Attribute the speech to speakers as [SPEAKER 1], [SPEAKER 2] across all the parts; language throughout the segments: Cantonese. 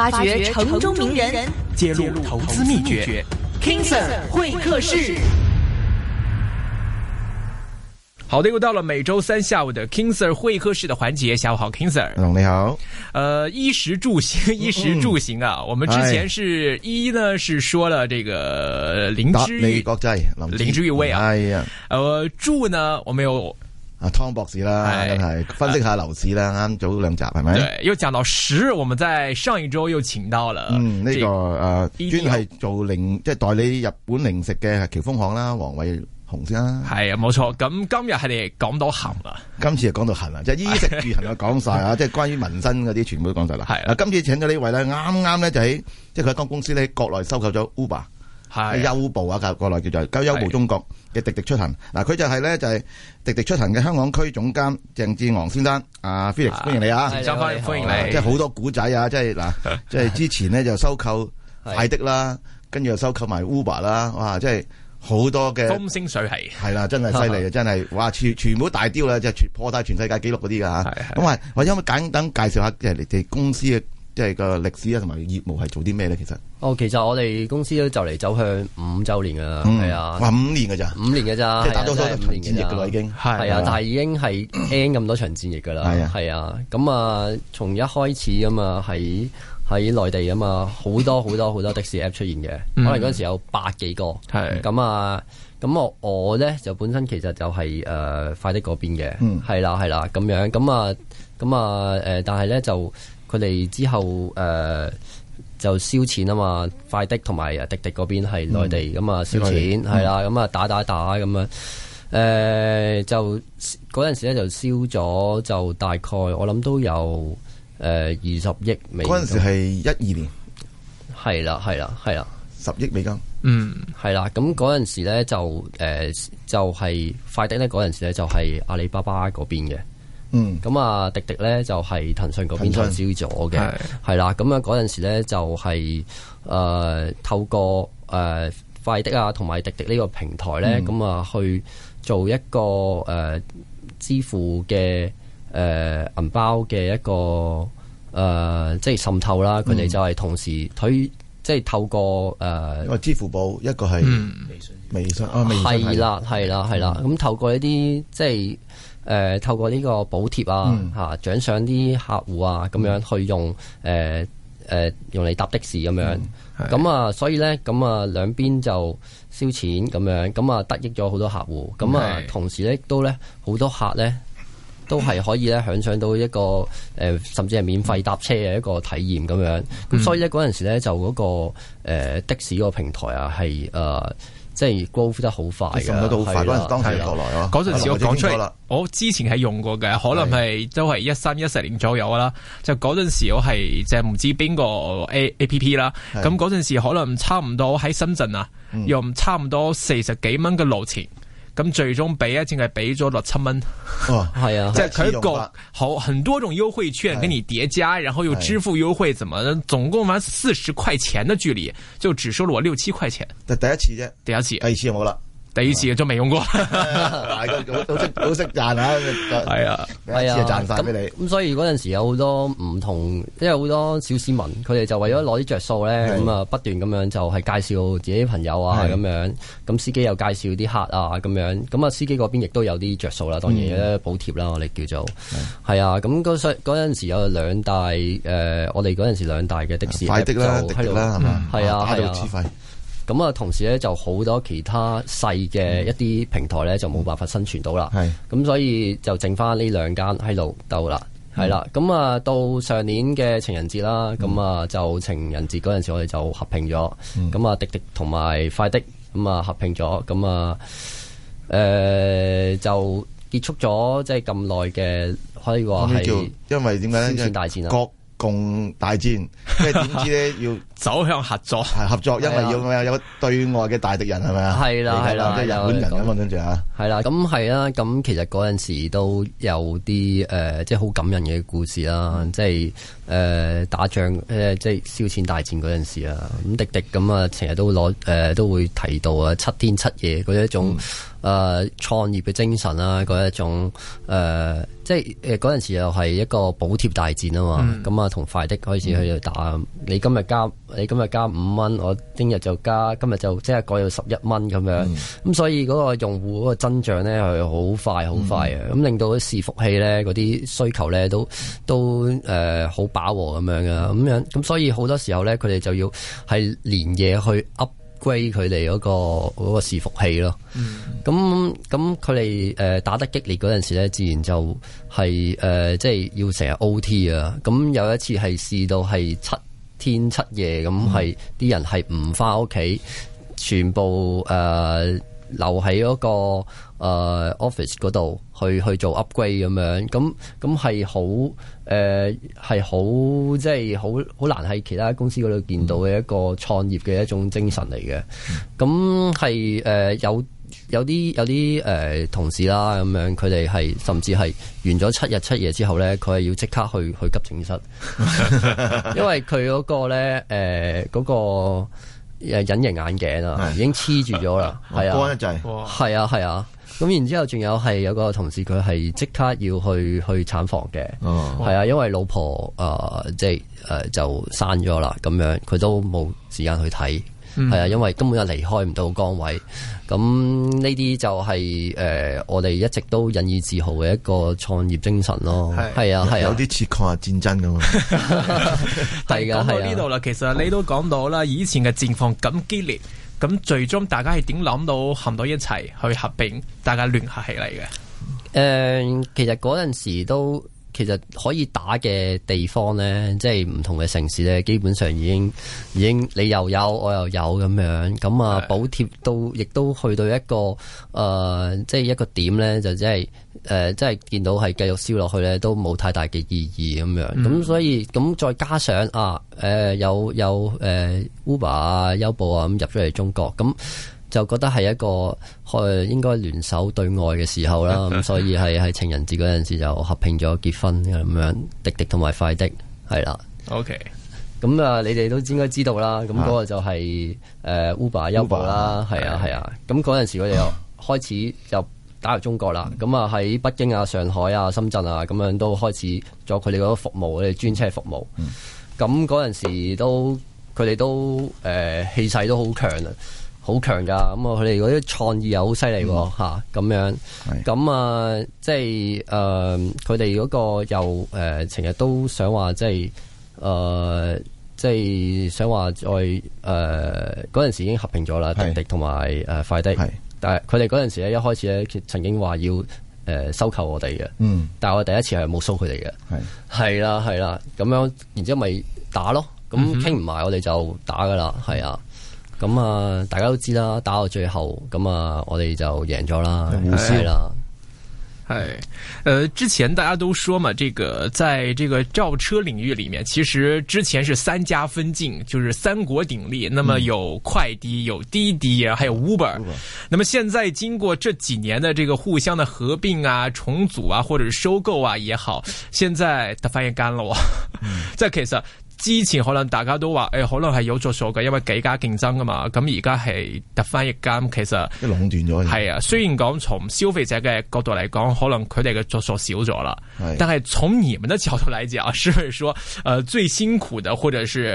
[SPEAKER 1] 發掘城中名人，揭露投資秘訣。
[SPEAKER 2] King Sir 會客室，
[SPEAKER 1] 好的，又到了每周三下午的 King Sir 會客室的環節。下午好，King Sir。你好，呃，衣食住行，衣食住行啊，嗯、我們之前是一一唉呢，是說了這個林之玉國際林之玉味啊，唉呃住呢，我們有。啊湯博士啦，係分析下樓市啦，啱早兩集係咪？對，又講到食，我哋在上一周又請到了，
[SPEAKER 3] 嗯，呢個誒專係做零即係代理日本零食嘅喬峰行啦，黃偉雄先啦，
[SPEAKER 1] 係啊，冇錯。咁今日係你哋講到行啊，
[SPEAKER 3] 今次就講到行啊，即係衣食住行又講晒啊，即係關於民生嗰啲全部都講晒啦。係嗱，今次請咗呢位咧，啱啱咧就喺即係佢一間公司咧，國內收購咗 Uber。係優步啊，入國內叫做叫優步中國嘅滴滴出行，嗱、啊、佢就係咧就係、是、滴滴出行嘅香港區總監鄭志昂先生，啊 Felix 歡迎你啊，歡迎歡迎你，即係好多古仔啊，即係嗱、啊，即係、啊、之前咧就收購快的啦，跟住 的又收購埋 Uber 啦，哇，即係好多嘅風
[SPEAKER 1] 生水起，係啦，真係犀利啊，
[SPEAKER 3] 真係，哇，全全部大雕啦，即係破晒全世界紀錄嗰啲噶吓，咁啊，我的 或者咪簡單介紹下即係你哋公司嘅。即係個歷史啊，同埋業務係做啲咩咧？其實
[SPEAKER 2] 哦，其實我哋公司都就嚟走向五周年噶啦，係啊，話五年噶咋，五年噶咋，即係打咗五年噶啦，已經係係啊，但係已經係 N 咁多場戰役噶啦，係啊，係啊，咁啊，從一開始咁嘛，喺喺內地咁嘛，好多好多好多的士 app 出現嘅，可能嗰陣時有百幾個，係咁啊，咁我我咧就本身其實就係誒快的嗰邊嘅，嗯，係啦係啦咁樣，咁啊咁啊誒，但係咧就。佢哋之後誒、呃、就燒錢啊嘛，快的同埋誒滴滴嗰邊係內地咁啊、嗯、燒錢係啦，咁啊、嗯、打打打咁樣誒就嗰陣時咧就燒咗就大概我諗都有誒二十億美，嗰陣時係一二年係啦係啦係啦十億美金嗯係啦，咁嗰陣時咧就誒、呃、就係、是、快的咧嗰陣時咧就係阿里巴巴嗰邊嘅。嗯，咁啊、嗯，滴滴咧就係騰訊嗰邊投資咗嘅，係啦、嗯。咁啊，嗰陣時咧就係、是、誒、呃、透過誒、呃、快的啊同埋滴滴呢個平台咧，咁啊、嗯、去做一個誒支付嘅誒銀包嘅一個誒即係滲透啦。佢哋就係同時推，即係透過誒，支付寶，呃、一個係微信，微信啊，係啦，係啦，係啦。咁透過一啲、呃嗯嗯嗯、即係。誒、呃、透過呢個補貼啊嚇獎賞啲客戶啊咁樣去用誒誒、呃呃、用嚟搭的士咁樣，咁、嗯、啊所以呢，咁啊兩邊就燒錢咁樣，咁啊得益咗好多客戶，咁啊同時呢，都呢，好多客呢，都係可以咧享受到一個誒、呃、甚至係免費搭車嘅一個體驗咁樣，咁所以呢，嗰陣時咧就嗰、那個、呃、的士個平台啊係誒。即係 grow 得好快，咁都好快。嗰陣時我講出嚟，
[SPEAKER 1] 我之前係用過嘅，可能係都係一三一四年左右啦。就嗰陣時我係就係唔知邊個 A A P P 啦，咁嗰陣時可能差唔多喺深圳啊，用差唔多四十幾蚊嘅路錢。咁最終畀啊，淨係畀咗六七蚊。
[SPEAKER 2] 哦，係啊， 即係佢搞
[SPEAKER 1] 好很多種優惠券，畀你疊加，哎、然後又支付優惠，怎麼總共翻、啊、四十塊錢嘅距離，就只收了我六七塊錢。第一次啫，第一次，第二次冇啦。第二
[SPEAKER 2] 次啊，仲未用過，
[SPEAKER 3] 好識好識賺啊！係啊，第一次賺曬俾你。
[SPEAKER 2] 咁所以嗰陣時有好多唔同，即係好多小市民，佢哋就為咗攞啲着數咧，咁啊的不斷咁樣就係介紹自己啲朋友啊咁樣，咁的司機又介紹啲客啊咁樣，咁啊司機嗰邊亦都有啲着數啦，當然咧補貼啦，我哋叫做係啊。咁嗰、嗯、時陣時有兩大誒、嗯，我哋嗰陣時兩大嘅的，的士快的啦，滴滴啦，係啊，咁啊，同時咧就好多其他細嘅一啲平台咧，嗯、就冇辦法生存到啦。係是，咁所以就剩翻呢兩間喺度鬥啦，係啦、嗯。咁啊，到上年嘅情人節啦，咁啊、嗯、就情人節嗰陣時，我哋就合併咗。咁啊、嗯，滴滴同埋快的咁啊合併咗。咁啊，誒就結束咗即係咁耐嘅，可以話係因為點解呢？先大戰啊！
[SPEAKER 3] 共大戰，即係
[SPEAKER 2] 點知咧？要走
[SPEAKER 3] 向合作，合作，因為要有有對外嘅大敵人，
[SPEAKER 2] 係咪啊？係啦，係啦，即係日本人咁的啊，跟住啊，係啦，咁係啦，咁其實嗰陣時都有啲誒、呃，即係好感人嘅故事啦、嗯呃呃，即係誒打仗誒，即係燒錢大戰嗰陣時啊，咁、嗯、滴滴咁啊，成日都攞誒、呃、都會提到啊，七天七夜嗰一種。嗯誒、呃、創業嘅精神啦、啊，嗰一種誒、呃，即係誒嗰陣時又係一個補貼大戰啊嘛，咁啊同快的開始去打，嗯、你今日加你今日加五蚊，我聽日就加，今日就即係改到十一蚊咁樣，咁、嗯嗯、所以嗰個用戶嗰個增長咧係好快好快啊。咁令到伺服器咧嗰啲需求咧都都誒好、呃、飽和咁樣噶，咁樣咁所以好多時候咧佢哋就要係連夜去 up。歸佢哋嗰個嗰、嗰個伺服器咯，咁咁佢哋誒打得激烈嗰陣時咧，自然就係誒即係要成日 OT 啊，咁有一次係試到係七天七夜咁，係啲、嗯、人係唔返屋企，全部誒、呃、留喺嗰、嗰個。誒、uh，office 嗰度去去做 upgrade 咁樣，咁咁係好誒，係好、uh, 即係好好難喺其他公司嗰度見到嘅一個創業嘅一種精神嚟嘅。咁係誒有有啲有啲誒、uh, 同事啦，咁樣佢哋係甚至係完咗七日七夜之後咧，佢係要即刻去去急症室， 因為佢嗰個咧誒嗰個誒隱形眼鏡啊，是已經黐住咗啦，係啊，一劑，係啊係啊。言 咁然之後，仲有係有個同事，佢係即刻要去去產房嘅，係啊，因為老婆啊，即係誒就生咗啦，咁樣佢都冇時間去睇，係啊，因為根本就離開唔到崗位。咁呢啲就係誒我哋一直都引以自豪嘅一個創業精神咯。係啊，係啊，有啲似抗日戰爭咁
[SPEAKER 1] 啊。係啊，係啊。呢度啦，其實你都講到啦，以前嘅戰況咁激烈。咁最終大家係點諗到行到一齊去合併，大家聯合起嚟嘅？
[SPEAKER 2] 誒、呃，其實嗰陣時都。其實可以打嘅地方呢，即係唔同嘅城市呢，基本上已經已經你又有我又有咁樣，咁啊補貼都亦都去到一個誒，即、呃、係、即係、一個點呢，就即係誒，即、呃、係、即係、見到係繼續燒落去呢，都冇太大嘅意義咁樣。咁、嗯、所以咁再加上啊，誒、呃、有有誒、呃、Uber 啊、優步啊咁入咗嚟中國咁。就覺得係一個開應該聯手對外嘅時候啦，咁 所以係喺情人節嗰陣時就合併咗結婚咁樣，滴滴同埋快的係啦。OK，咁啊，你哋都應該知道啦。咁嗰個就係誒 Uber、優步啦， 係啊係啊。咁嗰陣時佢哋又開始就打入中國啦。咁啊喺北京啊、上海啊、深圳啊咁樣都開始做佢哋嗰個服務，佢哋專車服務。咁嗰陣時都佢哋都誒氣勢都好強啊！好強噶，咁、嗯、啊，佢哋嗰啲創意又好犀利喎，吓咁樣，咁啊，即係誒，佢哋嗰個又誒，成日都想話，即係誒，即係想話再誒，嗰陣時已經合併咗啦，滴滴同埋誒快的，是但係佢哋嗰陣時咧，一開始咧，曾經話要誒收購我哋嘅，嗯，但係我第一次係冇收佢哋嘅，係係啦係啦，咁樣，然之後咪打咯，咁傾唔埋，我哋就打噶啦，係啊。咁啊、嗯，大家都知啦，打到最後，咁、嗯、啊，我哋就贏咗啦，係啦對，係了、呃，之前大家都說嘛，這
[SPEAKER 1] 個在這個召車領域裏面，其實之前是三家分晉，就是三國鼎立，那麼有快滴，有滴滴，還有 Uber，、嗯、那麼現在經過這幾年的這個互相的合併啊、重組啊，或者是收購啊也好，現在它翻一干了喎，即係其實。 之前可能大家都話誒、欸，可能係有著數嘅，因為幾家競爭噶嘛。咁而家係得翻一間，其實一壟斷咗。係啊，雖然講從消費者嘅角度嚟講，可能佢哋嘅著數少咗啦。是但係從你們嘅角度嚟講，是不是說，誒、呃、最辛苦嘅，或者是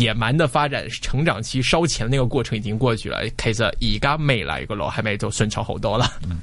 [SPEAKER 1] 野蠻嘅發展成長期燒錢呢個過程已經過去了？其實而家未來嘅路係咪就順
[SPEAKER 2] 暢好多啦？嗯，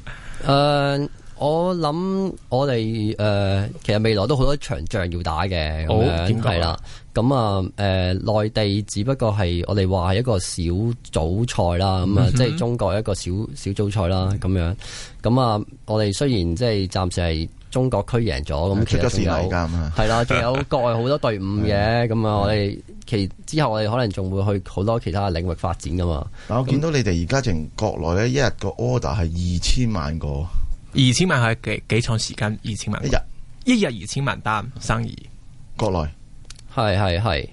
[SPEAKER 2] 呃、我諗我哋誒、呃，其實未來都好多場仗要打嘅，咁樣係啦。哦咁啊，誒，內地只不過係我哋話係一個小組賽啦，咁啊，即係中國一個小小組賽啦，咁樣。咁啊，我哋雖然即係暫時係中國區贏咗，咁其實有係啦，仲有國外好多隊伍嘅。咁啊，我哋其之後我哋可能仲會去好多其他領域發展噶嘛。但我見到你哋而家淨國內咧，一日個 order
[SPEAKER 1] 係二千萬個，二千萬係幾幾長時間？二千萬一日一日二千萬單生意，
[SPEAKER 2] 國內。係係係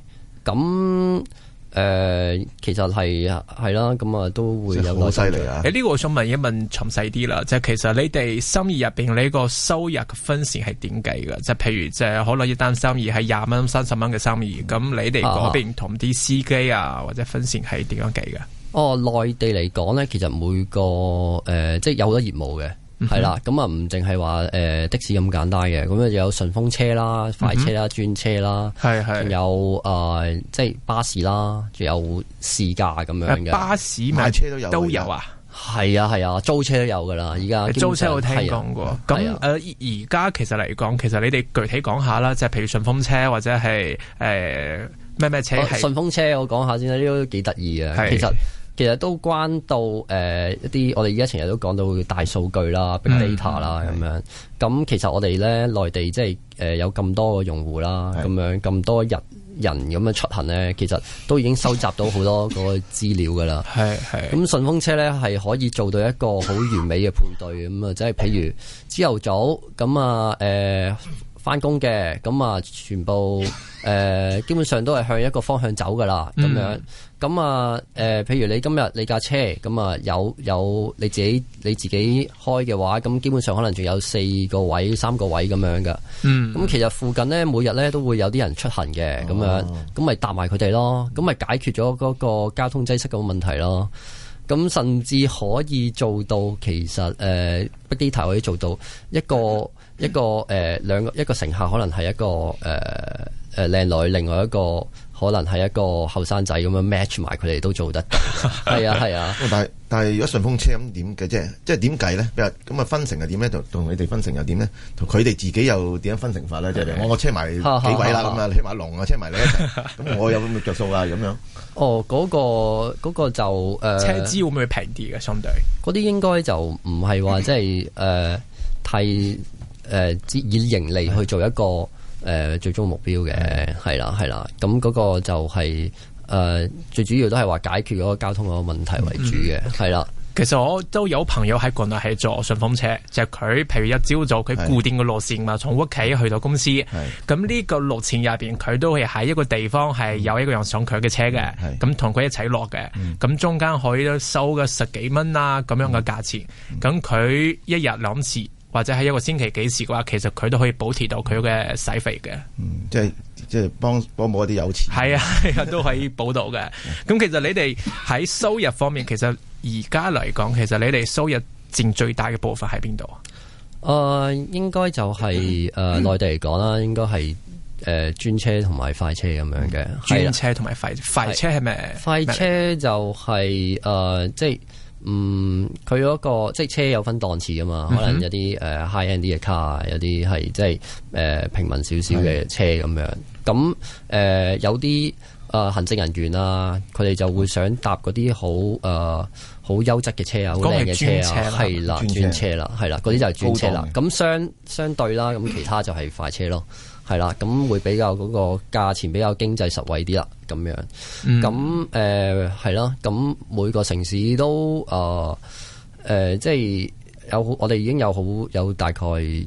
[SPEAKER 2] 咁誒，其實係係啦，咁啊、嗯、都會有好犀利啦。誒，呢個我想問一問，
[SPEAKER 1] 詳細啲啦，就其實你哋生意入邊你個收入嘅分線係點計噶就譬如即係可能一單生意係廿蚊、三十蚊嘅生意，咁你哋嗰邊同啲司機啊或者分線係點樣計噶、
[SPEAKER 2] 啊啊？哦，內地嚟講咧，其實每個誒、呃，即係有好多業務嘅。係啦，咁啊唔淨係話誒的士咁簡單嘅，咁啊有順風車啦、快車啦、專、嗯、哼車啦，係係有，仲、嗯、哼有誒、呃、即係巴士啦，仲有試駕咁樣嘅、啊、巴士、買車都有都有啊，係啊係啊，啊，租車都有噶啦，而家租車我聽講過。咁誒而家其實嚟講，其實你哋具體
[SPEAKER 1] 講下啦，即係譬如順風車或者係誒咩咩車？順、啊、
[SPEAKER 2] 風車我講下先啦，呢都幾得意啊，是其實。其實都關到誒、呃、一啲，我哋而家成日都講到大數據啦，big data 啦，咁樣。咁其實我哋咧內地即係誒有咁多個用戶啦，咁的樣咁多人人咁樣出行咧，其實都已經收集到好多嗰個資料噶啦。係係。咁順風車咧係可以做到一個好完美嘅配對，咁啊即係譬如朝頭早咁啊誒。呃翻工嘅，咁啊，全部誒、呃，基本上都係向一個方向走噶啦，咁樣。咁啊、嗯，誒、呃，譬如你今日你架車，咁啊，有有你自己你自己開嘅話，咁基本上可能仲有四個位、三個位咁樣噶。嗯。咁其實附近呢，每日呢都會有啲人出行嘅，咁樣，咁咪、哦、搭埋佢哋咯，咁咪解決咗嗰個交通擠塞嘅問題咯。咁甚至可以做到，其實誒 Big Data 可以做到一個。一個誒，兩、呃、個一個乘客可能係一個誒誒靚女，另外一個可能係一個後生仔咁樣 match 埋佢哋都做得到，係啊係啊。啊但係但係如果順風車咁點嘅啫？
[SPEAKER 3] 即係點計咧？咁啊分成係點咧？就同你哋分成又點咧？同佢哋自己又點樣分成法
[SPEAKER 1] 咧？即係我我車埋幾位啦咁啊，起碼龍啊車埋你，一齊咁 我有冇著數啊咁樣。哦，嗰、那個
[SPEAKER 2] 嗰、那個就誒、呃、車資會
[SPEAKER 1] 唔會平啲嘅？相對
[SPEAKER 2] 嗰啲應該就唔係話即係誒太。誒，以盈利去做一個誒最終目標嘅，係啦的，係啦，咁嗰、那個就係、是、誒、呃、最主要都係話解決嗰個交通嗰個問題為主嘅，係啦、嗯。的其實我都有朋
[SPEAKER 1] 友喺國內係坐順風車，就佢、是、譬如一朝早佢固定個路線嘛，從屋企去到公司，咁呢的個路線入邊佢都係喺一個地方係有一個人上佢嘅車嘅，咁同佢一齊落嘅，咁的、嗯、中間可以收個十幾蚊啦咁樣嘅價錢，咁佢、嗯嗯、一日兩次。或者喺一個星期幾時嘅話，其實佢都可以補貼到佢嘅使費嘅。嗯，
[SPEAKER 3] 即係即係幫幫某一啲有錢
[SPEAKER 1] 係啊，啊，都可以補到嘅。咁 其實你哋喺收入方面，其實而家嚟講，其實你哋收入佔最大嘅部分喺邊度啊？
[SPEAKER 2] 誒，應該就係誒內地嚟講啦，應該係誒專車同埋快車咁樣嘅。專車同埋快快車係咩？快車就係誒，即係嗯。佢嗰個即係車有分檔次噶嘛？可能有啲誒 high end 啲嘅卡，有啲係即係誒平民少少嘅車咁樣。咁誒有啲誒行政人員啊，佢哋就會想搭嗰啲好誒好優質嘅車啊，好靚嘅車啊，係啦，專車啦，係啦，嗰啲就係專車啦。咁相相對啦，咁其他就係快車咯，係啦。咁會比較嗰個價錢比較經濟實惠啲啦，咁樣。咁誒係啦。咁每個城市都誒。誒、呃，即係有，我哋已經有好有大概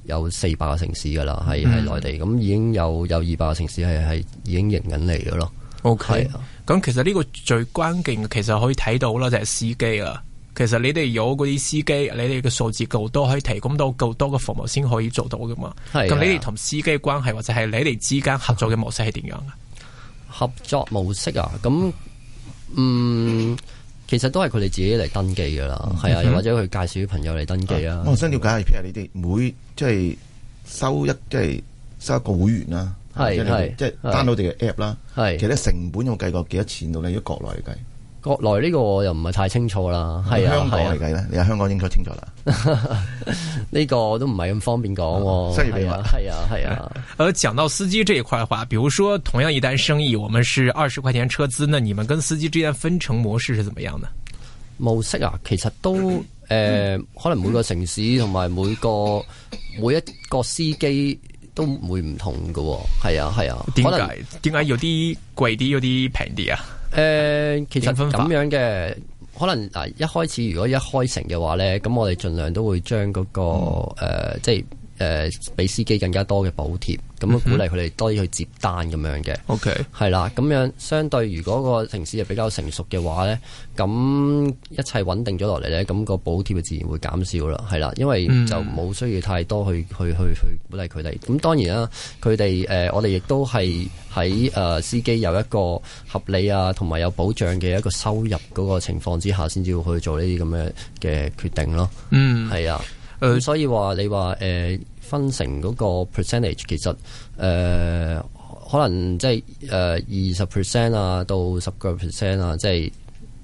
[SPEAKER 2] 有四百個城市噶啦，係係內地咁、嗯、已經有有二百個城市係係已經營緊嚟噶咯。O K，咁其實
[SPEAKER 1] 呢個最關鍵其實可以睇到啦，就係、是、司機啊。其實你哋有嗰啲司機，你哋嘅數字夠多，可以提供到夠多嘅服務先可以做到噶嘛。咁、啊、你哋同司機嘅關係或者係你哋之間合作嘅模式係點樣嘅？
[SPEAKER 2] 合作模式啊，咁嗯。其實都係佢哋自己嚟登記噶啦，係、嗯、啊，又或者佢介紹啲朋友嚟登記啊。我想
[SPEAKER 3] 了解下，譬如你哋每即係、就是、收一即係、就是、收一個會員啦，係即係 download 我哋嘅 app 啦的，係，其實成本有計過幾多錢到咧？
[SPEAKER 2] 如果國內嚟計？國內呢個我又唔係太清楚啦，係啊，香港嚟計咧，你喺香港應該清楚啦。呢 個都唔係咁方便講，哦，需要係啊，係啊。啊
[SPEAKER 1] 啊而講到司機這一塊嘅話，比如說同樣一單生意，我們是二十塊錢車資，那你們跟司機之間分成模式是怎麼樣呢？
[SPEAKER 2] 模式啊，其實都誒，呃嗯，可能每個城市同埋每個，嗯、每一個司機都唔會唔同噶，哦，係啊，係啊。點解
[SPEAKER 1] 點解有啲貴啲，有啲平啲啊？
[SPEAKER 2] 誒、呃，其實咁樣嘅，可能嗱，一開始，如果一開成嘅話咧，咁我哋盡量都會將嗰、那個誒、嗯呃，即係。誒，俾、呃、司機更加多嘅補貼，咁樣鼓勵佢哋多啲去接單咁樣嘅。OK，係啦，咁樣相對，如果個城市又比較成熟嘅話呢咁一切穩定咗落嚟呢咁個補貼啊，自然會減少啦。係啦，因為就冇需要太多去、嗯、去去去,去鼓勵佢哋。咁當然啦、啊，佢哋誒，我哋亦都係喺誒司機有一個合理啊，同埋有保障嘅一個收入嗰個情況之下，先至會去做呢啲咁嘅嘅決定咯。嗯，係啊。咁、呃、所以話你話誒、呃、分成嗰個 percentage 其實誒、呃、可能即係誒二十 percent 啊到十個 percent 啊即係、就是、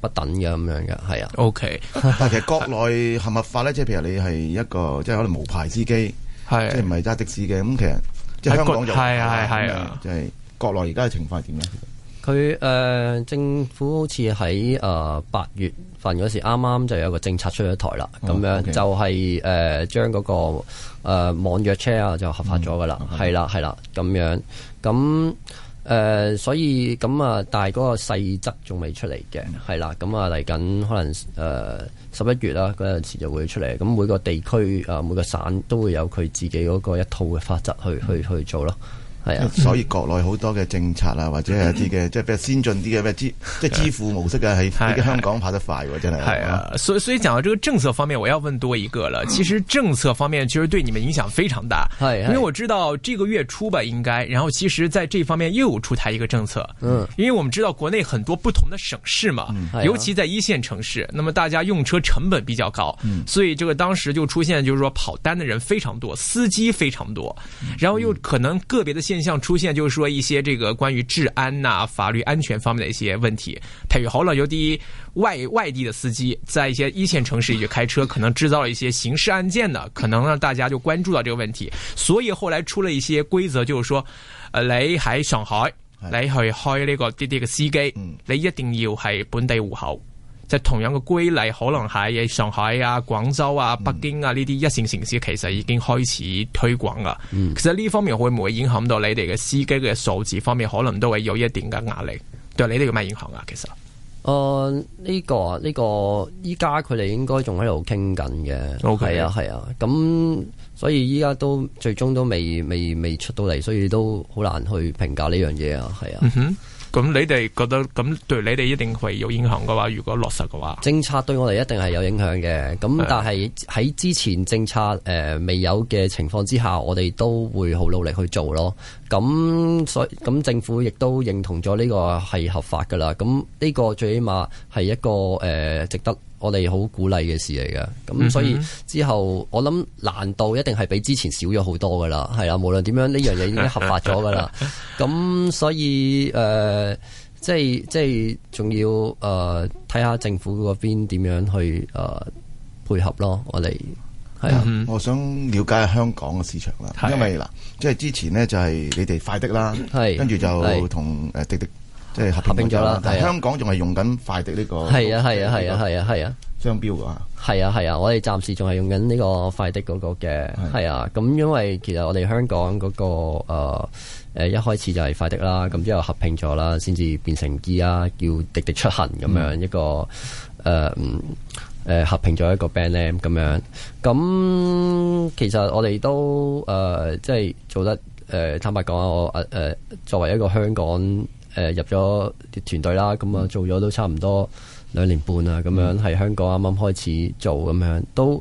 [SPEAKER 2] 不等嘅咁樣嘅係啊。O Okay . K， 但其實國內合唔合法
[SPEAKER 3] 咧？即係譬如你係一個即係可能無牌司機，啊、即係唔係揸的士嘅咁，其實即係香港、啊啊、就係係係係，就係國內而家嘅情況係點咧？
[SPEAKER 2] 佢誒、呃、政府好似喺誒八月份嗰時啱啱就有個政策出咗台啦，咁、哦、樣、哦 okay. 就係誒將嗰個誒、呃、網約車啊就合法咗噶啦，係啦係啦咁樣，咁誒所以咁啊，但係嗰個細則仲未出嚟嘅，係啦，咁啊嚟緊可能誒十一月啦嗰陣時就會出嚟，咁每個地區啊、呃、每個省都會有佢自己嗰個一套嘅法則去去去做咯。係啊，所以國內好多嘅政策啊，或者係一啲嘅即係比較先進啲嘅支
[SPEAKER 3] 即係支付模式嘅喺，比香港跑得快真係係
[SPEAKER 1] 啊，所所以講到這個政策方面，我要問多一個啦。其實政策方面其實對你們影響非常大，係因為我知道這個月初吧應該，然後其實在這方面又出台一個政策，嗯，因為我們知道國內很多不同的省市嘛，尤其在一線城市，那麼大家用車成本比較高，嗯，所以這個當時就出現，就是說跑單的人非常多，司機非常多，然後又可能個別的。現象出現，就是說一些這個關於治安呐、啊、法律安全方面的一些問題。例如，好了，有啲外外地的司機，在一些一線城市去開車，可能製造了一些刑事案件的，可能讓大家就關注到這個問題。所以後來出了一些規則，就是說，呃，你喺上海，你去開呢個滴滴的司機，你一定要係本地戶口。 同樣嘅規例，可能喺上海啊、廣州啊、北京啊呢啲一線城市，其實已經開始推廣啦。嗯、其實呢方面會唔會影響到你哋嘅司機嘅數字方面，可能都會有一定嘅壓力。對，你哋有咩影響啊？其實、
[SPEAKER 2] 呃，誒、這個，呢、這個呢個依家佢哋應該仲喺度傾緊嘅，係啊係啊。咁、啊、所以依家都最終都未未未出到嚟，所以都好難去評價呢樣嘢啊。係啊、嗯。咁
[SPEAKER 1] 你哋覺得咁對你哋一定會有影響嘅話，如果落實嘅話，
[SPEAKER 2] 政策對我哋一定係有影響嘅。咁但係喺之前政策誒、呃、未有嘅情況之下，我哋都會好努力去做咯。咁所咁政府亦都認同咗呢個係合法㗎啦。咁呢個最起碼係一個誒、呃、值得我哋好鼓勵嘅事嚟噶，咁所以之後我諗難度一定係比之前少咗好多噶啦，係啦，無論點樣呢樣嘢已經合法咗噶啦，咁 所以誒、呃，即係即係仲要誒，睇、呃、下政府嗰邊點樣去誒、呃、配合咯，我哋係啊， 我想了解香港嘅市場的啦，因為嗱，即係之前呢就
[SPEAKER 3] 係你哋快的啦，係的跟住就同誒滴滴。即係合併咗啦，但係香港仲
[SPEAKER 2] 係用緊快的呢，這個係啊係啊係啊係啊係啊商標啊，係啊係啊，啊，啊，啊，啊，我哋暫時仲係用緊呢個快的嗰個嘅，係啊，咁、啊、因為其實我哋香港嗰，那個誒誒、呃、一開始就係快的啦，咁之後合併咗啦，先至變成 i 啊，叫滴滴出行咁樣一個誒誒、呃呃、合併咗一個 band name 咁樣，咁其實我哋都誒即係做得誒、呃、坦白講啊，我誒、呃、作為一個香港。誒、呃、入咗啲團隊啦，咁、嗯、啊做咗都差唔多兩年半啊，咁樣喺、嗯、香港啱啱開始做咁樣，都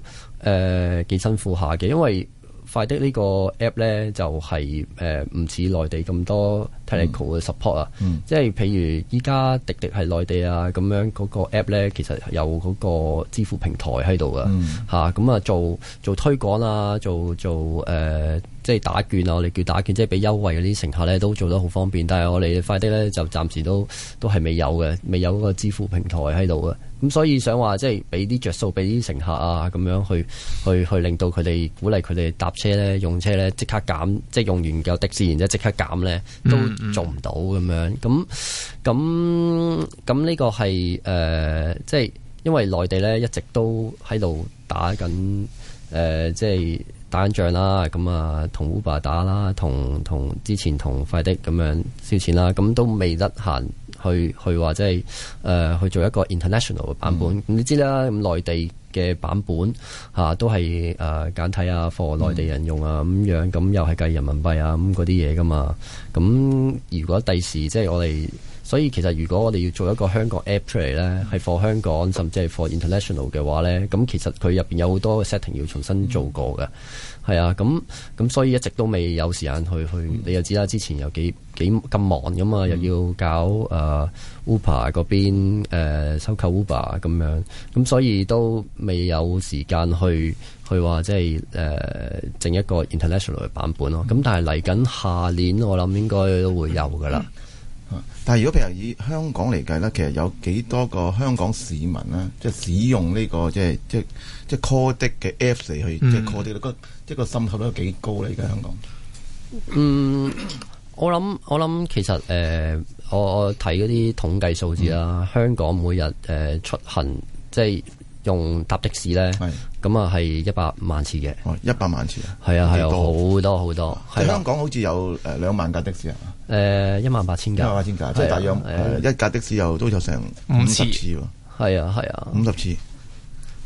[SPEAKER 2] 誒幾、呃、辛苦下嘅，因為快的呢個 app 咧就係誒唔似內地咁多 technical 嘅 support 啊，嗯嗯、即係譬如依家滴滴係內地啊，咁樣嗰、嗰個 app 咧其實有嗰個支付平台喺度、嗯、啊。吓，咁啊做做，做推廣啊，做做誒。做呃即係打券啊！我哋叫打券，即係俾優惠嗰啲乘客咧，都做得好方便。但係我哋快的咧，就暫時都都係未有嘅，未有嗰個支付平台喺度啊。咁所以想話即係俾啲着數俾啲乘客啊，咁樣去去去令到佢哋鼓勵佢哋搭車咧、用車咧，即刻減，即係用完個的士然之後即刻減咧，都做唔到咁樣。咁咁咁呢個係誒、呃，即係因為內地咧一直都喺度打緊誒、呃，即係。打仗啦，咁啊同 Uber 打啦，同同之前同快的咁樣燒錢啦，咁都未得閒去去話即係誒去做一個 international 嘅版本。咁、嗯嗯、你知啦，咁內地嘅版本嚇、啊、都係誒、呃、簡體啊 for 內地人用啊咁樣，咁又係計人民幣啊咁嗰啲嘢噶嘛。咁、嗯嗯、如果第時即係我哋。所以其實如果我哋要做一個香港 app 出嚟呢，係 for 香港甚至係 for international 嘅話呢，咁其實佢入邊有好多 setting 要重新做過嘅，係啊、嗯，咁咁所以一直都未有時間去去，你又知啦，之前有幾幾咁忙咁啊，嗯、又要搞誒、呃、Uber 嗰邊、呃、收購 Uber 咁樣，咁所以都未有時間去去話即係誒整一個 international 嘅版本咯。咁、嗯、但係嚟緊下年我諗應該都會有㗎喇。嗯但係如果譬如以香港嚟計咧，其實
[SPEAKER 3] 有幾多個香港市民咧，這個，即係使用呢個即係即係即係 call 的嘅 app 嚟去，嗯、即係 call 的呢個即係個滲透率幾高咧？而家香港，
[SPEAKER 2] 嗯，我諗我諗其實誒、呃，我我睇嗰啲統計數字啦，嗯、香港每日誒、呃、出行即係、就是、用搭的士咧，咁啊係一百萬次嘅，一百萬次啊，係啊係啊，好多好多，喺是香
[SPEAKER 3] 港好似有誒兩萬架的士啊。誒，一萬八千架，一萬八千架，即係大約一架的士又都有成
[SPEAKER 2] 五十次喎。係啊，係啊，五十次。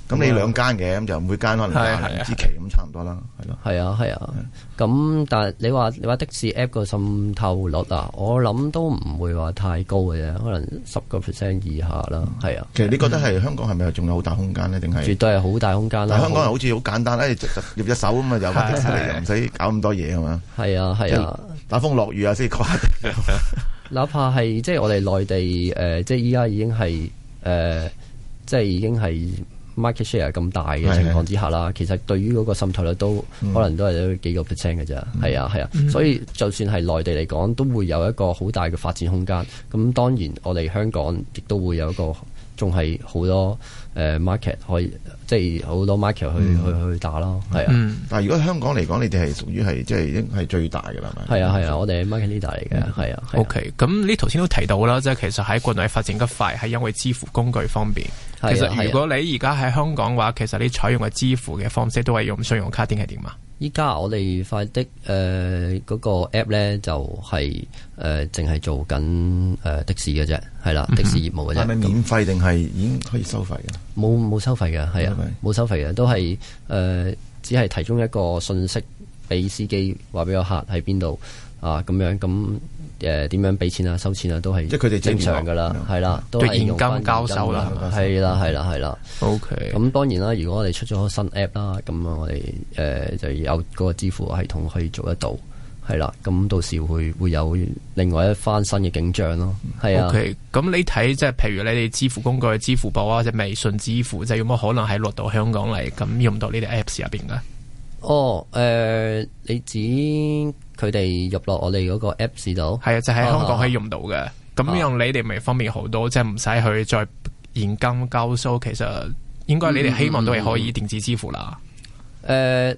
[SPEAKER 2] 咁你兩間嘅，咁就每間可能廿零支
[SPEAKER 3] 期咁，差唔多啦，係咯。
[SPEAKER 2] 係啊，係啊。咁但係你話你話的士 app 個滲透率啊，我諗都唔會話太高嘅啫，可能十個 percent 以下啦。係啊。其實
[SPEAKER 3] 你覺得係香港係咪仲有好大空間呢？定係絕
[SPEAKER 2] 對係好大空間啦。但係香港係好
[SPEAKER 3] 似好簡單，誒，入一手咁嘛，有架的士嚟，又唔使搞咁多嘢係嘛。係啊，係啊。
[SPEAKER 2] 打風落雨啊，先掛。 哪怕係即係我哋內地誒，即係依家已經係誒，即、呃、係、即係、已經係 market share 咁大嘅情況之下啦。係係係，其實對於嗰個滲透率都可能都係都幾個 percent 嘅啫。係、嗯、啊係啊，所以就算係內地嚟講，都會有一個好大嘅發展空間。咁當然，我哋香港亦都會有一個。仲係好多誒 market 可以，即係好多 market 去、嗯、去去打咯，係啊。嗯、但係如果香港嚟講，你哋係屬於係即係已經係最大嘅啦。係啊
[SPEAKER 1] 係啊，啊我哋係 market leader 嚟嘅。係、嗯、啊。啊 OK，咁呢頭先都提到啦，即係其實喺國內發展得快係因為支付工具方面。其實如果你而家喺香港嘅話，其實你採用嘅支付嘅方式都係用信用卡，定係點啊？
[SPEAKER 2] 依家我哋快的誒嗰個 app 咧，就係誒淨係做緊誒的士嘅啫，係啦，的士業務嘅啫。係咪、嗯、免費定係已經可以收費嘅？冇冇收費嘅，係啊，冇收費嘅，都係誒只係提供一個信息俾司機，話俾個客喺邊度啊咁樣咁。嗯誒，點、呃、樣俾錢啊？收錢啊，都係即係佢哋正常噶啦，係啦、嗯，都係金，金，現金交收啦，係啦，係啦，係啦。O K，咁當然啦，如果我哋出咗新 app 啦，咁我哋誒就有嗰個支付系統可以做得到，係啦。咁到時會會有另外一番新嘅景象咯。係啊。O K，咁你睇即係譬
[SPEAKER 1] 如你哋支付工具，支付寶啊，或者微信支付，即係有冇可能係落到香港嚟，咁用到呢啲 apps 入邊咧？
[SPEAKER 2] 哦，誒、呃，你指？佢哋入落
[SPEAKER 1] 我哋嗰個 apps 度，係 啊，就喺、是、香港可以用到嘅。咁樣你哋咪方便好多，即係唔使去再現金交收。其實應該你哋希望都係可以電子支付啦。
[SPEAKER 2] 誒、嗯嗯嗯嗯嗯呃，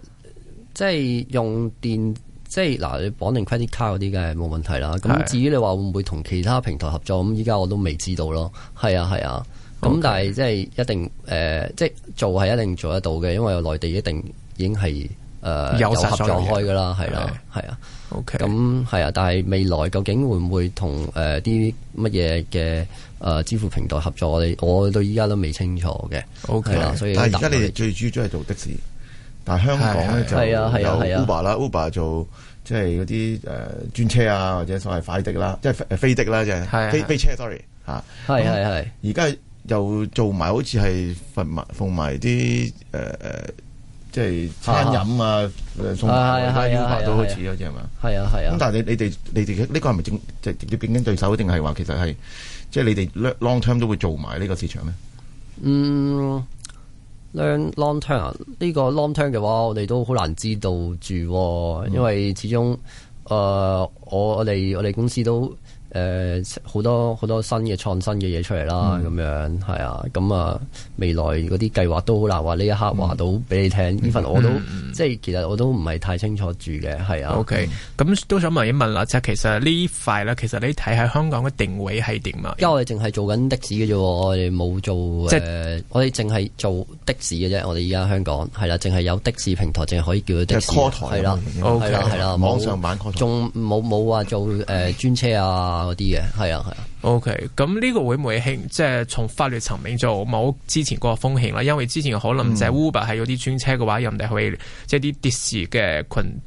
[SPEAKER 2] 即係用電，即係嗱，你綁定 credit card 啲梗係冇問題啦。咁至於你話會唔會同其他平台合作，咁依家我都未知道咯。係啊，係啊。咁、嗯嗯、但係即係一定，誒、呃，即係做係一定做得到嘅，因為內地一定已經係。誒，有合作開噶啦，係啦，係啊，OK，咁係啊，但係未來究竟會唔會同誒啲乜嘢嘅誒支付平台合作？我哋我到依家都未清楚嘅，OK，啦。所以但係而家你哋最主要係做的士，
[SPEAKER 3] 但係香港咧就有啊 Uber 啦，Uber 做即係嗰啲誒專車啊，或者所謂快的啦，即係誒飛的啦，即係飛飛車，sorry，吓，係係係，而家又做埋好似係馮埋馮埋啲誒誒。即係餐飲啊，送餐，但係 Uber 都開始咗，即係嘛？係啊，係啊。咁但係你你哋你哋呢個係咪正即係直接競爭對手，定係話其實係即係你哋 long term 都會做埋呢個市場
[SPEAKER 2] 咧？嗯，long term 呢個 long term 嘅話，我哋都好難知道住、啊，因為始終誒、呃、我我哋我哋公司都。誒好多好多新嘅創新嘅嘢出嚟啦，咁樣係啊，咁啊未來嗰啲計劃都好難話呢一刻話到俾你聽，呢份我都即係其實我都唔係太清楚住嘅，係啊。OK，咁都想問一
[SPEAKER 1] 問啦，即係其實呢塊咧，其實你睇下香港嘅定位係點啊？
[SPEAKER 2] 因為我哋淨係做緊的士嘅啫，我哋冇做即我哋淨係做的士嘅啫，我哋而家香港係啦，淨係有的士平台，淨係可以叫到的士係啦，OK，係啦，網上版，仲冇冇話做誒專車啊？嗰啲嘅，係啊係啊，OK，咁呢個會唔會興？
[SPEAKER 1] 即係從法律層面就冇之前嗰個風險啦。因為之前可能就 Uber 係有啲專車嘅話，嗯、人哋會即係啲的士嘅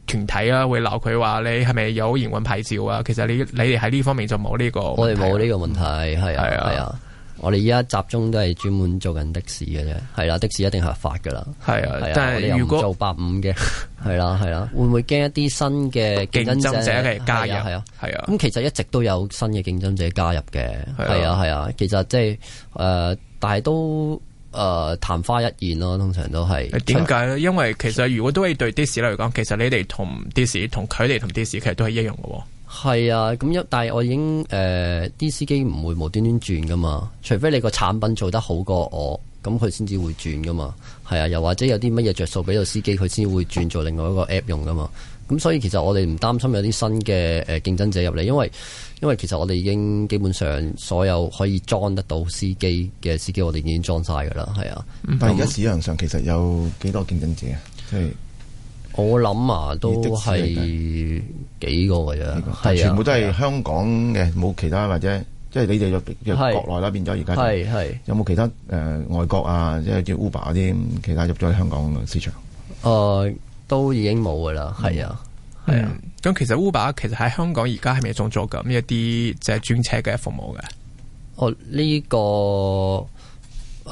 [SPEAKER 1] 群團體啊，會鬧佢話你係咪有營運牌照啊？其實你你哋喺呢方面就冇呢
[SPEAKER 2] 個，我哋冇呢個問題，係啊係啊。我哋依家集中都係專門做緊的士嘅啫。係啦，的士一定合法噶啦。係啊，但係如果做八五嘅，係啦，係啦，會唔會驚一啲新嘅競爭者嚟加入？係啊，係啊，咁其實一直都有新嘅競爭者加入嘅，係啊，係啊，其實即係誒，但係都誒，談花一現咯，通常都係，點解
[SPEAKER 1] 咧？因為其實如果都係對的士嚟講，其實你哋同的士同佢哋同的士其實都係一樣嘅
[SPEAKER 2] 喎。係啊，咁一但係我已經誒，啲、呃、司機唔會無端端轉噶嘛，除非你個產品做得好過我，咁佢先至會轉噶嘛。係啊，又或者有啲乜嘢着數俾到司機，佢先會轉做另外一個 App 用噶嘛。咁所以其實我哋唔擔心有啲新嘅誒競爭者入嚟，因為因為其實我哋已經基本上所有可以裝得到司機嘅司機，我哋已經裝晒噶啦。係啊，嗯、那但係而家市場上其實有幾多競爭者啊？就是我諗啊，都係幾個嘅啫，全部都係
[SPEAKER 3] 香港嘅，冇、啊啊、其他或者，即係你哋入入國內啦，是啊、變咗而家係係有冇其他誒、呃、外國啊，即係叫 Uber 嗰啲其他入咗香港市
[SPEAKER 1] 場？誒、呃，都已經冇噶啦，係啊、嗯、啊，係啊。咁、嗯、其實 Uber 其實喺香港而家係咪一種作緊一啲即係專車嘅服務嘅？
[SPEAKER 2] 我呢、哦這個。誒，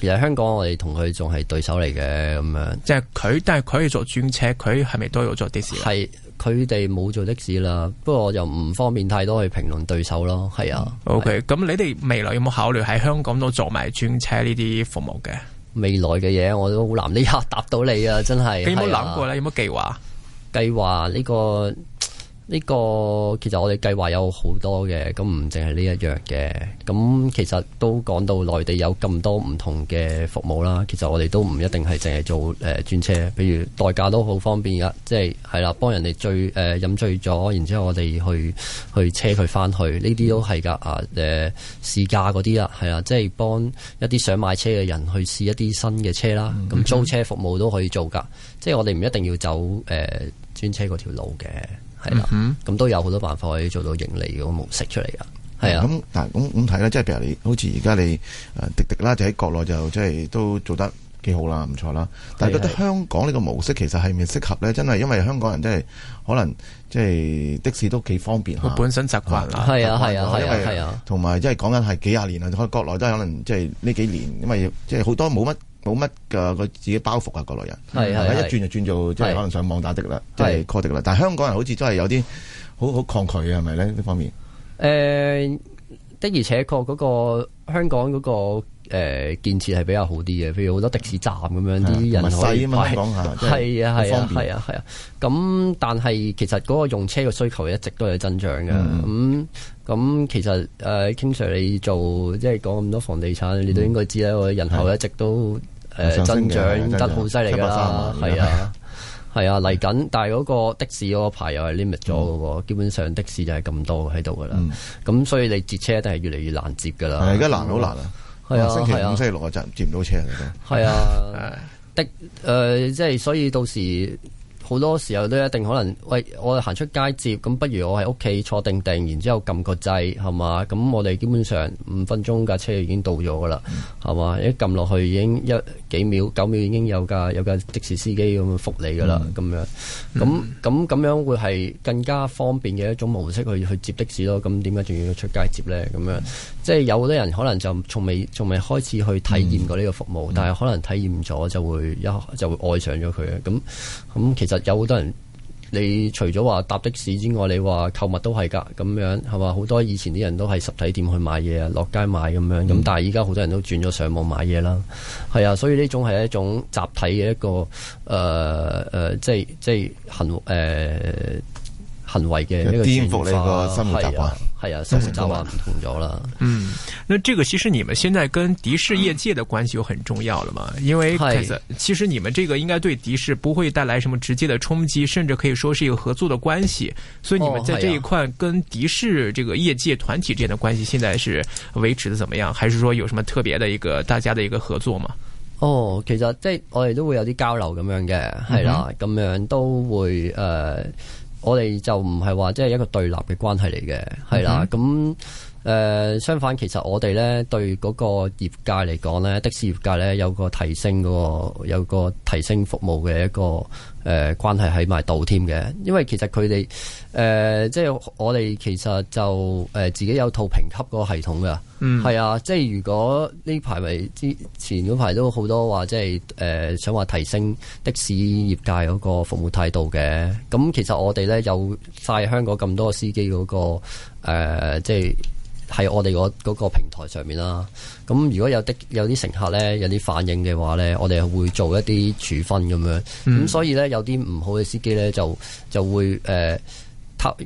[SPEAKER 2] 其實、呃、香港，我哋同佢仲係對手嚟嘅咁樣，即係佢，但係佢係做專車，佢係咪都要做的士？係佢哋冇做的士啦。不過又唔方便太多去評論對手咯。係啊，O K。咁、
[SPEAKER 1] 嗯 okay, 啊、你哋未來有冇考慮喺香港都做埋專車呢啲服務嘅？
[SPEAKER 2] 未來嘅嘢我都好難呢刻答到你 有冇諗過呢啊，真係。有冇諗過咧？有冇計劃？計劃呢個？呢個其實我哋計劃有好多嘅，咁唔淨係呢一樣嘅。咁其實都講到內地有咁多唔同嘅服務啦。其實我哋都唔一定係淨係做誒專、呃、車，譬如代駕都好方便噶，即係係啦，幫人哋醉誒飲、呃、醉咗，然之後我哋去去車佢翻去。呢啲都係噶啊，誒試駕嗰啲啦，係啊，即係幫一啲想買車嘅人去試一啲新嘅車啦。咁、嗯、租車服務都可以做噶，即係我哋唔一定要走誒專、呃、車嗰條路嘅。係啦，咁、um、都有好多辦法可以做到盈利嘅模式出嚟㗎。係啊，
[SPEAKER 3] 咁但係咁咁睇咧，即係譬如你，好似而家你誒滴滴啦，就喺國內就即係都做得幾好啦，唔錯啦。但係覺得香港呢個模式其實係咪適合咧？真係，因為香港人真係可能即係、就是、的士都幾方便，佢本
[SPEAKER 1] 身習慣啦，係啊係啊係啊，
[SPEAKER 3] 同埋即係講緊係幾廿年啦，喺國內都可能即係呢幾年，因為即係好多冇乜。就是冇乜㗎佢自己包袱啊，個內人係，係一轉就轉做即係可能上網打的啦，即係 call 的啦。但係香港人好似真係有啲
[SPEAKER 2] 好好抗拒嘅，係咪咧呢方面？誒的而且確嗰個香港嗰個誒建設係比較好啲嘅，譬如好多的士站咁樣啲人係方便，係啊，係啊，係啊，係啊，咁，但係其實嗰個用車嘅需求一直都係有增長嘅。咁咁其實誒，King Sir 你做即係講咁多房地產，你都應該知啦。我人口一直都。誒，增長得好犀利噶啦，係啊，係啊，嚟緊，但係嗰個的士嗰個牌又係 limit 咗嘅喎，基本上的士就係咁多喺度噶啦，咁所以你截車一定係越嚟越難接噶啦，而家難好難啊，係啊，星期五、星期六啊，接唔到車啊，係啊，的誒，即係所以到時。好多時候都一定可能，喂，我行出街接，咁不如我喺屋企坐定定，然之後撳個掣，係嘛？咁我哋基本上五分鐘架車已經到咗嘅啦，係嘛？一撳落去已經一幾秒九秒已經有架有架的士司機咁樣覆你嘅啦，咁、嗯、樣，咁咁咁樣會係更加方便嘅一種模式去去接的士咯。咁點解仲要出街接咧？咁樣，嗯、即係有好多人可能就從未從未開始去體驗過呢個服務，嗯、但係可能體驗咗就會一就會愛上咗佢啊，咁咁其實。有好多人，你除咗話搭的士之外，你話購物都係㗎，咁樣係嘛？好多以前啲人都喺實體店去買嘢啊，落街買咁樣，咁但係依家好多人都轉咗上網買嘢啦，係啊，所以呢種係一種集體嘅一個誒誒、呃呃，即係即係行誒。呃行為嘅顛覆，呢、這個、啊、生活習慣係啊，生活習慣唔同咗啦。嗯，
[SPEAKER 1] 那這個其實你們現在跟的士業界的關係又很重要了嘛？因為其實你們這個應該對的士不會帶來什麼直接的衝擊，甚至可以說是一個合作的關係。
[SPEAKER 2] 所以你們在這一
[SPEAKER 1] 塊跟的士這個業界團體之間的關係，現在是維持的怎麼樣？還是說有什麼特別的一個大家的一個合作嗎？
[SPEAKER 2] 哦，其實即係我哋都會有啲交流咁樣嘅，係啦、嗯哼，咁、啊、樣都會誒。呃我哋就唔係話即係一個對立嘅關係嚟嘅，係啦 Okay.，咁。誒、呃、相反，其實我哋咧對嗰個業界嚟講咧，的士業界咧有個提升嗰、嗰個，有個提升服務嘅一個誒、呃、關係喺埋度添嘅。因為其實佢哋誒即係我哋其實就誒、呃、自己有套評級嗰個系統㗎，嗯，係啊，即係如果呢排咪之前嗰排都好多話，即係誒、呃、想話提升的士業界嗰個服務態度嘅。咁其實我哋咧有曬香港咁多司機嗰、嗰個、呃、即係。係我哋嗰個平台上面啦，咁如果有的有啲乘客咧有啲反應嘅話咧，我哋會做一啲處分咁樣，咁、嗯、所以咧有啲唔好嘅司機咧就就會誒、呃，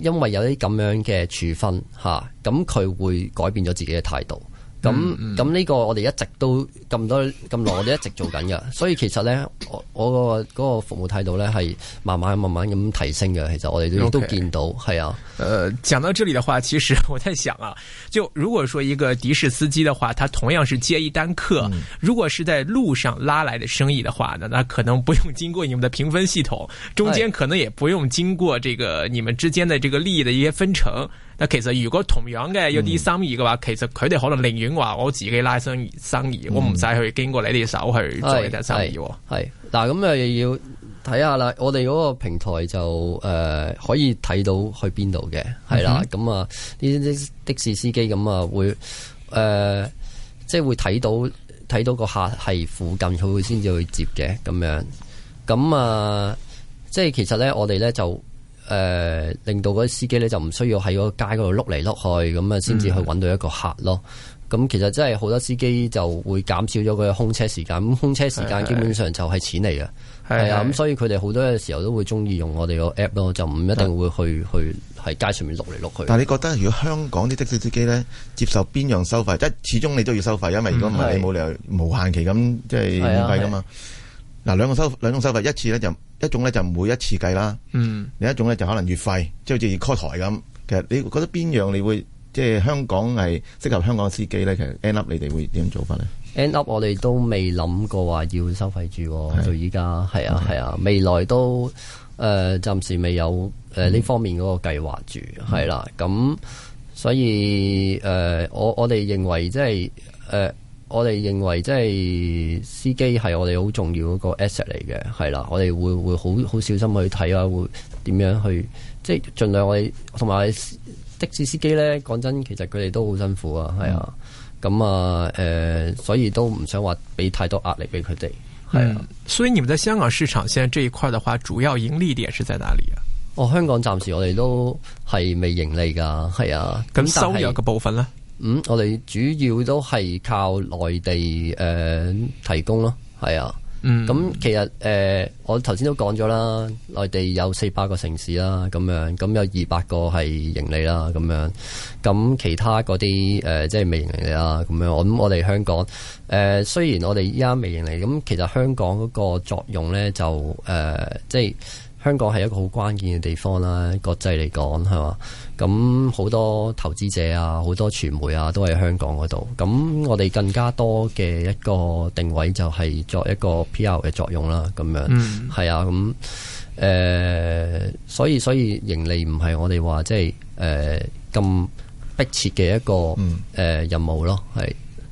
[SPEAKER 2] 因為有啲咁樣嘅處分吓，咁、啊、佢會改變咗自己嘅態度，咁咁呢個我哋一直都咁多咁耐我哋一直做緊噶，所以其實咧我我個嗰、嗰個服務態度咧係慢慢慢慢咁提升嘅，其實我哋都 Okay. 都見到係啊。呃，
[SPEAKER 1] 講到這裏的話，其實我在想啊，就如果說一個的士司機的話，他同樣是接一單客，嗯、如果是在路上拉來的生意的話呢，那那可能不用經過你們的評分系統，中間可能也不用經過這個你們之間的這個利益的一些分成。那、嗯、其實如果同樣的有啲生意嘅話，嗯、其實佢哋可能寧願話我自己拉生意生意，我唔使去經過你哋手去做一單生意。
[SPEAKER 2] 係嗱、嗯，咁啊又要。嗯嗯嗯嗯嗯嗯睇下啦，我哋嗰個平台就誒、呃、可以睇到去邊度嘅，係啦、嗯哼，咁啊啲啲的士司機咁啊會誒，即、呃、係、就是、會睇到睇到個客係附近，佢會先至去接嘅咁樣。咁啊，即、就、係、是、其實咧，我哋咧就誒、呃、令到嗰啲司機咧就唔需要喺個街嗰度碌嚟碌去，咁啊先至去搵到一個客咯。咁、嗯、其實真係好多司機就會減少咗佢空車時間。咁空車時間基本上就係錢嚟嘅。嗯嗯係啊，咁所以佢哋好多嘅時候都會中意用我哋個 app 咯，就唔一定會去的去喺街上面碌嚟碌去。但係你覺
[SPEAKER 3] 得如果香港啲的士司機咧接受邊樣收費？即係始終你都要收費，因為如果唔係你冇理由無限期咁即係免費噶嘛。嗱，兩、啊、個收兩種收費，一次咧就一種咧就唔每一次計啦。嗯。另一種咧就可能月費，即好似 call 台咁。其實你覺得邊樣你會即係香港係適合香港司機咧？其實 end up 你哋會點做法咧？
[SPEAKER 2] End up 我哋都未諗過話要收費住、哦，就依家係啊係 Okay. 啊，未來都誒、呃、暫時未有誒呢、呃、方面嗰個計劃住係啦，咁、mm hmm. 啊、所以誒、呃、我我哋認為即係誒我哋認為即係、呃呃、司機係我哋好重要一個 asset 嚟嘅係啦、啊，我哋會會好好小心去睇下、啊、會點樣去即係盡量我哋同埋的士司機咧，講真，其實佢哋都好辛苦啊，係啊、mm。Mm mm 咁啊，誒，所以都唔想話俾太多壓力俾佢哋。係啊，所以你們在香港市場
[SPEAKER 1] 現在這一塊的話，主要盈利點是在哪裏啊？
[SPEAKER 2] 哦，香港暫時我哋都係未盈利噶，係啊。咁收入嘅部分咧？嗯，我哋主要都係靠內地誒、呃、提供咯，係啊。咁、嗯、其實誒、呃，我頭先都講咗啦，內地有四百個城市啦，咁樣咁有二百個係盈利啦，咁樣咁其他嗰啲誒，即係未盈利啦，咁樣，樣我咁我哋香港誒、呃，雖然我哋依家未盈利，咁其實香港嗰個作用咧就誒、呃，即係。香港係一個好關鍵嘅地方啦，國際嚟講係嘛？咁好多投資者啊，好多傳媒啊，都喺香港嗰度。咁我哋更加多嘅一個定位就係作一個 PR 嘅作用啦。咁樣係、嗯、啊，咁誒、呃，所以所以盈利唔係我哋話即係誒咁迫切嘅一個誒、呃、任務咯，係。